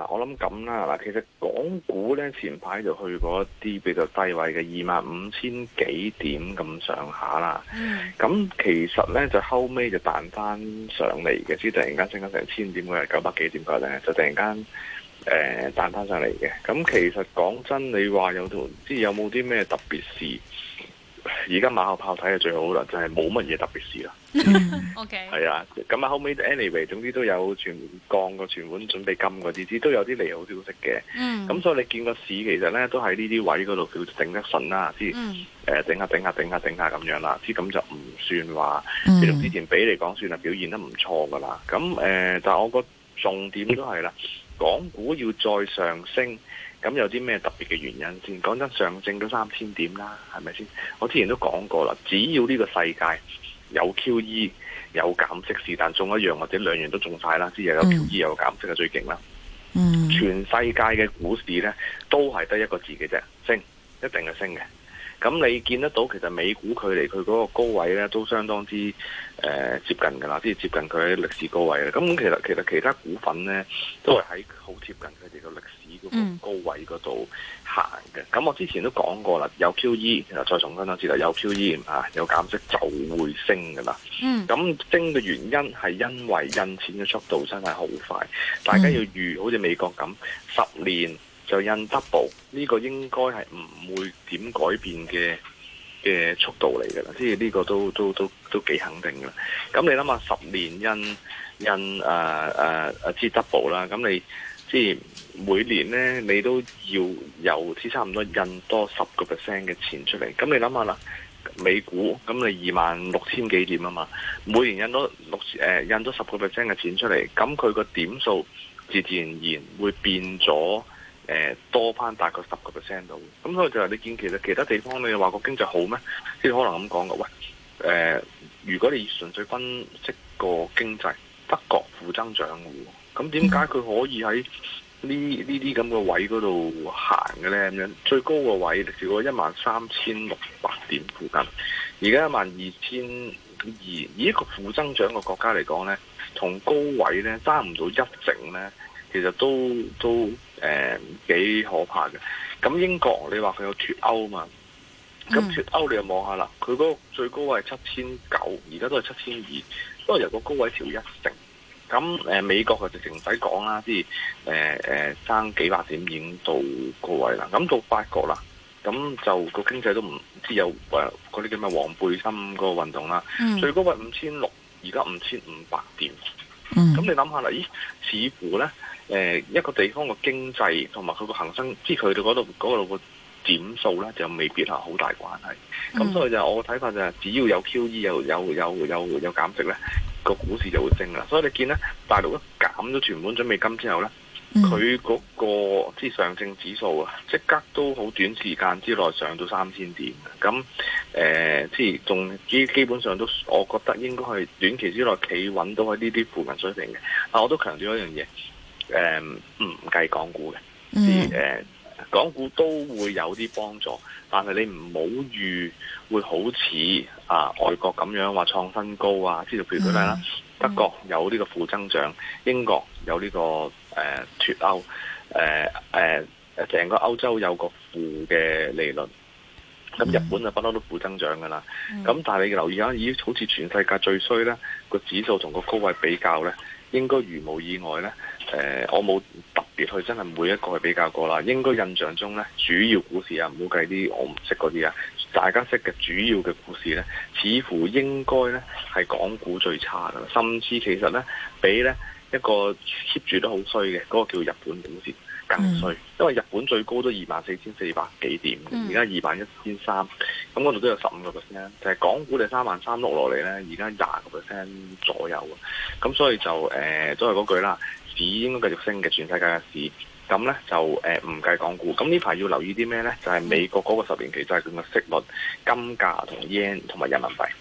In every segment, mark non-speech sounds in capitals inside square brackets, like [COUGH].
嗱，我諗咁啦。嗱，其實港股咧前排就去過一啲比較低位嘅二萬五千幾點咁上下啦。咁其實咧就後尾就彈翻上嚟嘅，即係突然間升緊成千點日，或者九百幾點佢就突然間誒、呃、彈翻上嚟嘅。咁其實講真，你話有套，即係有冇啲咩特別事？而家馬後炮睇係最好啦，就係冇乜嘢特別事啦。O K。係啊，咁啊後尾 anyway 總之都有全降個存款準備金嗰啲，都有啲利好消息嘅。嗯。咁所以你見個市其實咧都喺呢啲位嗰度叫頂得順啦，先、呃、頂下頂下頂下頂下咁樣啦。之咁就唔算話實、嗯、之前比嚟講算係表現得唔錯噶啦。咁、呃、但係我個重點都係啦，港股要再上升。咁有啲咩特別嘅原因先？講真，上證都三千點啦，係咪先？我之前都講過啦，只要呢個世界有 QE 有減息，是但中一樣或者兩樣都中晒啦，即係有 QE 有減息就最勁啦。嗯、全世界嘅股市咧，都係得一個字嘅啫，升，一定係升嘅。咁你見得到其實美股距離佢嗰個高位咧，都相當之誒、呃、接近㗎啦，即係接近佢喺歷史高位。咁其實其實其他股份咧，都係喺好接近佢哋個歷史嗰個高位嗰度行嘅。咁、嗯、我之前都講過啦，有 QE，其實再重申多次啦，有 QE 啊，有減息就會升㗎啦。咁、嗯、升嘅原因係因為印錢嘅速度真係好快，大家要預、嗯、好似美國咁十年。就印 double 呢個應該係唔會點改變嘅嘅速度嚟噶啦，即係呢個都都都都幾肯定噶啦。咁你諗下，十年印印誒誒誒，即 double 啦。咁你即係每年咧，你都要有至少差唔多印多十個 percent 嘅錢出嚟。咁你諗下啦，美股咁你二萬六千幾點啊嘛？每年印多六誒印咗十個 percent 嘅錢出嚟，咁佢個點數自自然然會變咗。誒多翻大概十個 percent 度，咁所以就係你見，其實其他地方你話個經濟好咩？即係可能咁講嘅。喂，誒、呃，如果你純粹分析個經濟，德國負增長喎，咁點解佢可以喺呢呢啲咁嘅位嗰度行嘅咧？咁樣最高個位跌到一萬三千六百點附近，而家一萬二千二，以一個負增長嘅國家嚟講咧，同高位咧爭唔到一成咧，其實都都。誒，幾、嗯、可怕嘅！咁英國你話佢有脫歐啊嘛？咁脫歐你又望下啦，佢嗰個最高位係七千九，而家都係七千二，都係由個高位調一成。咁誒，美國佢直情唔使講啦，即係誒誒，升幾百點已經到高位啦。咁到法國啦，咁就個經濟都唔知有誒嗰啲叫咩黃背心個運動啦。嗯、最高位五千六，而家五千五百點。咁、嗯、你諗下啦，咦，似乎咧？誒，一個地方個經濟同埋佢個恒生，即係佢哋嗰度度個點數咧，就未必係好大關係。咁、嗯、所以就我睇法就係，只要有 QE 有有有有有減息咧，個股市就會升啦。所以你見咧，大陸一減咗存款準備金之後咧，佢嗰、嗯、個即係上證指數啊，即刻都好短時間之內上到三千點。咁誒，即係仲基基本上都，我覺得應該係短期之內企穩到喺呢啲附近水平嘅。但我都強調一樣嘢。誒，唔計、um, 港股嘅，啲誒，港股都會有啲幫助，但係你唔好預會好似啊外國咁樣話創新高啊，知道譬如舉例啦，德國有呢個負增長，mm. 英國有呢個誒脫歐，誒誒，成個歐洲有個負嘅利率，咁日本就不嬲都負增長噶啦，咁、mm. 但係你留意下，咦，好似全世界最衰咧，個指數同個高位比較咧，應該如無意外咧。誒、呃，我冇特別去真係每一個去比較過啦。應該印象中咧，主要股市啊，唔好計啲我唔識嗰啲啊，大家識嘅主要嘅股市咧，似乎應該咧係港股最差嘅啦，甚至其實咧比咧一個 keep 住得好衰嘅嗰個叫日本股市更衰，mm. 因為日本最高都二萬四千四百幾點，而家二萬一千三，咁嗰度都有十五個 percent，就係、是、港股就三萬三碌落嚟咧，而家廿個 percent 左右啊，咁所以就誒、呃、都係嗰句啦。市應該繼續升嘅，全世界嘅市，咁呢就誒唔計港股，咁呢排要留意啲咩呢？就係、係、美國嗰個十年期就係佢嘅息率、金價同 yen 同埋人民幣。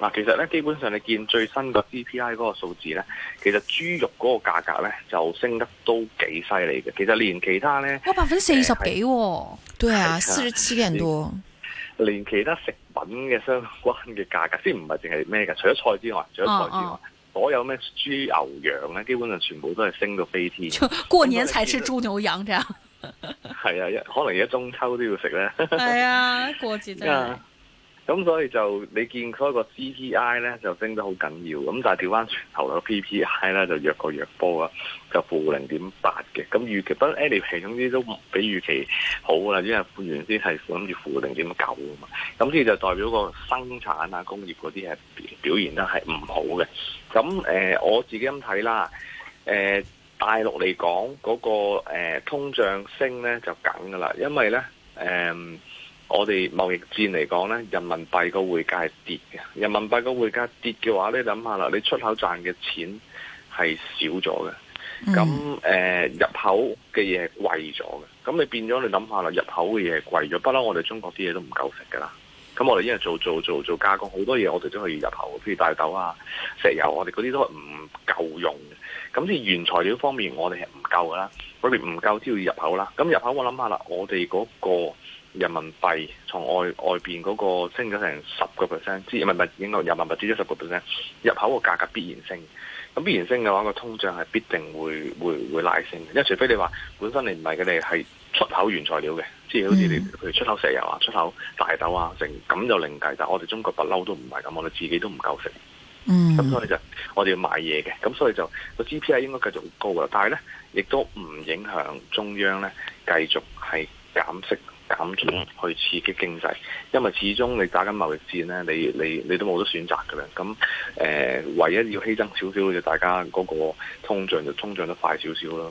嗱，其實咧，基本上你見最新個 CPI 嗰個數字咧，其實豬肉嗰個價格咧就升得都幾犀利嘅。其實連其他咧，有百分之四十幾，欸、我對啊，四十七點多連。連其他食品嘅相關嘅價格，先唔係淨係咩嘅？除咗菜之外，除咗菜之外，啊啊所有咩豬牛羊咧，基本上全部都係升到飛天。就 [LAUGHS] 過年才吃豬牛羊這樣。係 [LAUGHS] 啊，可能而家中秋都要食咧。係、哎、啊，過節真咁所以就你見開個 CPI 咧就升得好緊要，咁但係掉翻轉頭個 PPI 咧就弱個弱波啊，就負零點八嘅。咁預期不 anyway 總之都比預期好啦，因為負原先係諗住負零點九啊嘛。咁所以就代表個生產啊、工業嗰啲係表現得係唔好嘅。咁、呃、我自己咁睇啦、呃，大陸嚟講嗰個、呃、通脹升咧就緊噶啦，因為咧我哋貿易戰嚟講咧，人民幣個匯價係跌嘅。人民幣個匯價跌嘅話咧，你諗下啦，你出口賺嘅錢係少咗嘅。咁誒，入口嘅嘢係貴咗嘅。咁你變咗你諗下啦，入口嘅嘢係貴咗，不嬲我哋中國啲嘢都唔夠食噶啦。咁我哋一日做做做做，做加工，好多嘢我哋都可以入口，譬如大豆啊、石油，我哋嗰啲都係唔夠用嘅。咁先原材料方面我，我哋係唔夠噶啦，我哋唔夠都要入口啦。咁入口我諗下啦，我哋嗰、嗰個。人民幣從外外邊嗰個升咗成十個 percent，人民幣應該人民幣跌咗十個 percent，入口嘅價格必然升。咁必然升嘅話，個通脹係必定會會會拉升。因為除非你話本身你唔係佢哋係出口原材料嘅，即係好似你譬如你出口石油啊、出口大豆啊成咁就另計。但係我哋中國不嬲都唔係咁，我哋自己都唔夠食。嗯，咁所以就我哋要買嘢嘅，咁所以就個 GPI 應該繼續高嘅，但係咧亦都唔影響中央咧繼續係減息。減息去刺激經濟，因為始終你打緊貿易戰咧，你你你都冇得選擇㗎啦。咁、呃、唯一要犧牲少少嘅，就大家嗰個通脹就通脹得快少少囉。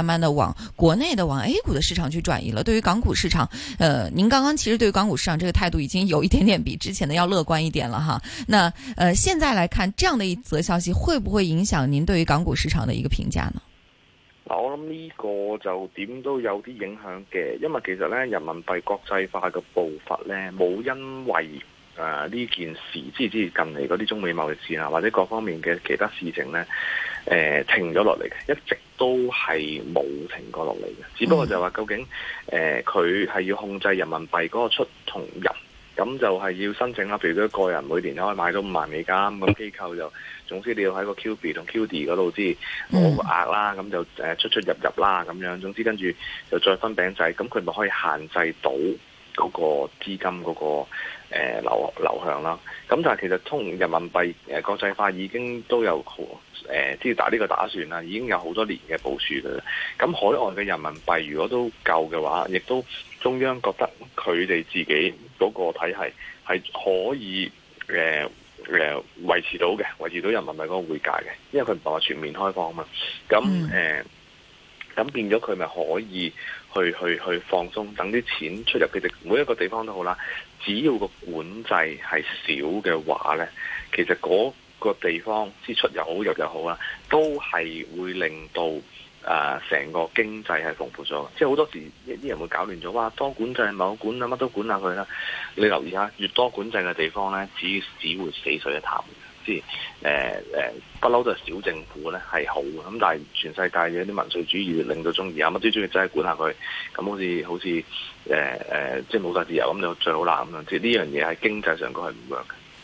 慢慢的往國內的往 A 股的市場去轉移了。對於港股市場，呃，您剛剛其實對於港股市場這個態度已經有一點點比之前的要樂觀一點了哈。那呃，現在來看這樣的一則消息，會不會影響您對於港股市場的一個評價呢？我諗呢個就點都有啲影響嘅，因為其實呢，人民幣國際化嘅步伐呢，冇因為。啊！呢件事即係近嚟嗰啲中美貿易戰啊，或者各方面嘅其他事情咧、呃，停咗落嚟嘅，一直都係冇停過落嚟嘅。只不過就話究竟誒佢係要控制人民幣嗰個出同入，咁就係要申請啦。譬如佢個人每年可以買到五萬美金，咁機構就總之你要喺個 QB 同 QD 嗰度即係冇額啦，咁、嗯、就出出入入啦咁樣。總之跟住就再分餅仔，咁佢咪可以限制到嗰個資金嗰、嗰個誒流流向啦，咁但係其實通人民幣誒國際化已經都有好即、呃、打呢個打算啦，已經有好多年嘅部署啦。咁海外嘅人民幣如果都夠嘅話，亦都中央覺得佢哋自己嗰個體系係可以誒誒、呃呃、維持到嘅，維持到人民幣嗰個匯價嘅，因為佢唔係話全面開放啊嘛。咁誒。呃咁變咗佢咪可以去去去放鬆，等啲錢出入佢哋每一個地方都好啦。只要個管制係少嘅話呢，其實嗰個地方支出又好入又好啦，都係會令到誒成、呃、個經濟係蓬勃咗。即係好多時啲人會搞亂咗，哇！多管制管、冇管呀？乜都管下佢啦。你留意下，越多管制嘅地方呢，只只會死水一潭。之，誒誒，不、欸、嬲、欸、都係小政府咧係好嘅，咁但係全世界嘅一啲民粹主義令到中意啊乜都中意，就係管下佢，咁好似好似誒誒，即係冇晒自由咁就最好啦咁啊！即係呢樣嘢喺經濟上佢係唔樣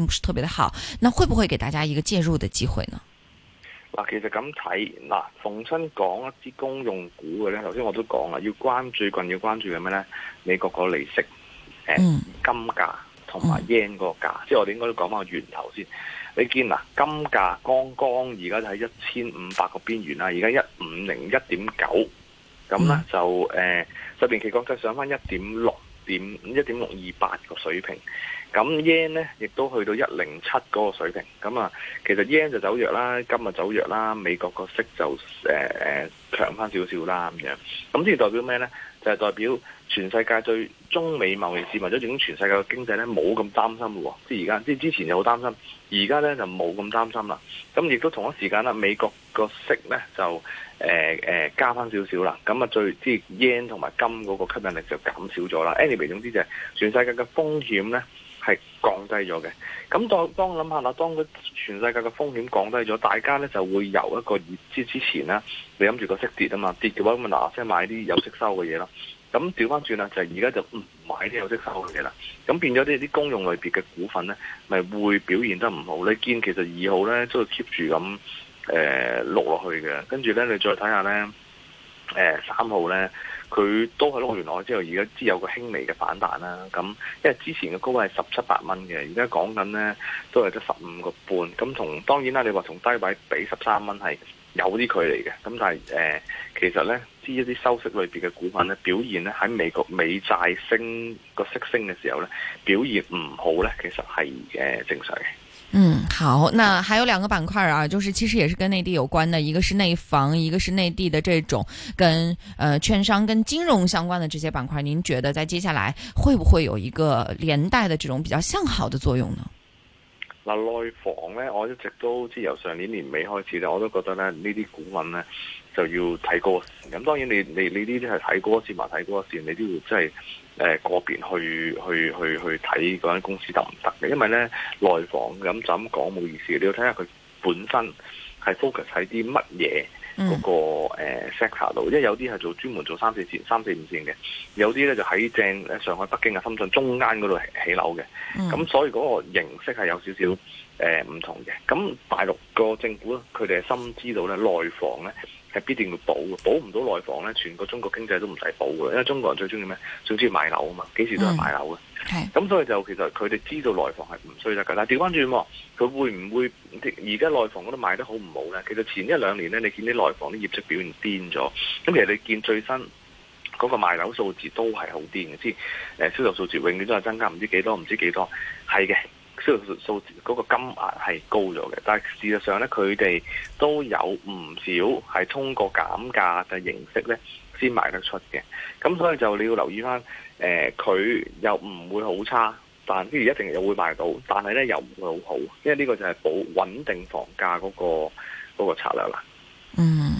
唔係特別的好，那會不會給大家一個介入的機會呢？嗱，其實咁睇嗱，逢親講一啲公用股嘅呢，頭先我都講啦，要關注，近要關注嘅咩呢？美國個利息、呃、金價同埋 yen 嗰個價，嗯、即係我哋應該都講翻個源頭先。你見嗱、呃，金價剛剛而家就喺一千五百個邊緣啦，而家一五零一點九，咁呢、嗯，就誒十年期國債上翻一點六點五一點六二八個水平。咁 yen 呢亦都去到一零七嗰個水平。咁、嗯、啊，其實 yen 就走弱啦，金啊走弱啦，美國個息就誒誒強翻少少啦咁樣。咁即係代表咩呢？就係、是、代表全世界對中美貿易市民。咗，整全世界嘅經濟呢冇咁擔心喎、哦。即係而家，即係之前就好擔心，而家呢就冇咁擔心啦。咁、嗯、亦都同一時間啦，美國個息呢就誒、呃呃、加翻少少啦。咁啊，最即係 yen 同埋金嗰個吸引力就減少咗啦。Anyway 總之就係、是、全世界嘅風險呢，係降低咗嘅，咁，當當諗下啦，當佢全世界嘅風險降低咗，大家咧就會由一個預知之前呢，你諗住個息跌啊嘛，跌嘅話咁啊即係買啲有息收嘅嘢啦。咁調翻轉啦，就係而家就唔買啲有息收嘅嘢啦。咁變咗啲啲公用類別嘅股份咧，咪會表現得唔好咧。堅，其實二號咧都係 keep 住咁誒碌落去嘅，跟住咧你再睇下咧，誒、呃、三號咧。佢都係落完落之後，而家知只有個輕微嘅反彈啦。咁因為之前嘅高位係十七八蚊嘅，而家講緊呢都係得十五個半。咁同當然啦，你話同低位比十三蚊係有啲距離嘅。咁但係、呃、其實呢，呢一啲收息類別嘅股份呢，表現呢喺美國美債升個息升嘅時候呢，表現唔好呢，其實係、呃、正常嘅。嗯，好，那還有兩個板塊啊，就是其實也是跟內地有關的，一個是內房，一個是內地的這種跟，呃，券商跟金融相關的這些板塊，您覺得在接下來會不會有一個連帶的這種比較向好的作用呢？嗱，內房呢，我一直都知由上年年尾開始咧，我都覺得呢這些古文呢啲股份呢就要睇高，咁當然你你你呢啲係睇高一綫，埋睇高一綫，你都要即係。誒、呃、個別去去去去睇嗰間公司得唔得嘅？因為咧內房咁就咁講冇意思，你要睇下佢本身係 focus 喺啲乜嘢嗰個 sector 度，嗯、因為有啲係做專門做三四線、三四五線嘅，有啲咧就喺正上海、北京嘅深圳中間嗰度起樓嘅，咁、嗯、所以嗰個形式係有少少誒唔、呃、同嘅。咁大陸個政府佢哋係深知道咧內房咧。係必定要保嘅，保唔到內房咧，全個中國經濟都唔使保嘅，因為中國人最中意咩？最中意買樓啊嘛，幾時都係買樓嘅。咁、mm hmm. 所以就其實佢哋知道內房係唔需要得㗎，但係調翻轉喎，佢會唔會而家內房嗰度賣得好唔好咧？其實前一兩年咧，你見啲內房啲業績表現癲咗。咁、mm hmm. 其實你見最新嗰個賣樓數字都係好癲嘅，即係誒銷售數字永遠都係增加唔知幾多，唔知幾多。係嘅。銷售數字嗰個金額係高咗嘅，但係事實上呢，佢哋都有唔少係通過減價嘅形式呢先賣得出嘅。咁所以就你要留意返，誒、呃，佢又唔會好差，但譬如一定又會賣到，但係呢又唔會好好，因為呢個就係保穩定房價嗰個嗰個策略啦。嗯。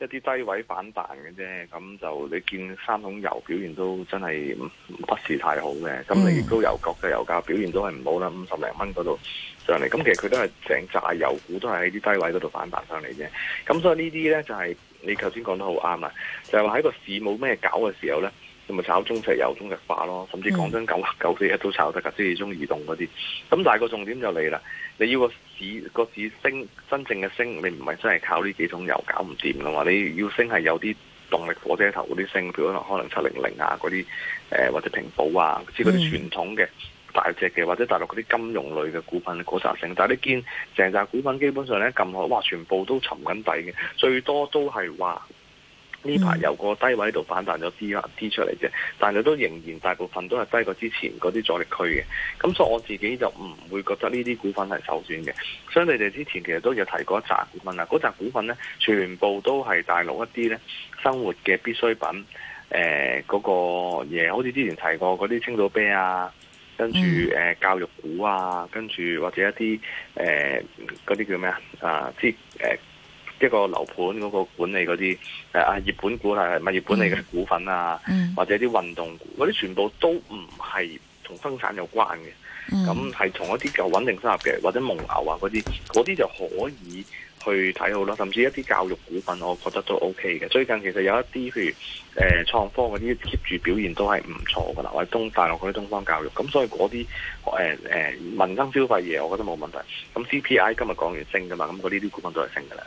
一啲低位反彈嘅啫，咁就你見三桶油表現都真係不，不是太好嘅，咁你亦都油國嘅油價表現都係唔好啦，五十零蚊嗰度上嚟，咁其實佢都係整紮油股都係喺啲低位嗰度反彈上嚟啫，咁所以呢啲呢，就係、是、你頭先講得好啱啊，就係話喺個市冇咩搞嘅時候呢。咁咪炒中石油、中石化咯，甚至講真，九啊九四一都炒得噶，即係、mm. 中移動嗰啲。咁但係個重點就嚟啦，你要個市個市升，真正嘅升，你唔係真係靠呢幾種油搞唔掂噶嘛？你要升係有啲動力火車頭嗰啲升，譬如可能可能七零零啊嗰啲，誒、呃、或者平保啊，即係嗰啲傳統嘅大隻嘅，mm. 或者大陸嗰啲金融類嘅股份嗰扎升。但係你見成扎股份基本上咧，咁好，哇全部都沉緊底嘅，最多都係話。呢排由個低位度反彈咗啲啲出嚟啫，但係都仍然大部分都係低過之前嗰啲阻力區嘅。咁所以我自己就唔會覺得呢啲股份係首選嘅。所以你哋之前其實都有提過一扎股份啦。嗰扎股份呢，全部都係大陸一啲呢生活嘅必需品，誒、呃、嗰、嗰個嘢，好似之前提過嗰啲青島啤啊，跟住誒、呃、教育股啊，跟住或者一啲誒嗰啲叫咩啊，啊即、呃一個樓盤嗰個管理嗰啲誒啊，業本股係物業管理嘅股份啊，mm. Mm. 或者啲運動股嗰啲，全部都唔係同生產有關嘅。咁係同一啲較穩定收入嘅，或者蒙牛啊嗰啲，嗰啲就可以去睇好啦。甚至一啲教育股份，我覺得都 O K 嘅。最近其實有一啲譬如誒創科嗰啲 keep 住表現都係唔錯嘅，或者東大陸嗰啲東方教育。咁所以嗰啲誒誒民生消費嘢，我覺得冇問題。咁 C P I 今日講完升㗎嘛，咁嗰啲啲股份都係升嘅啦。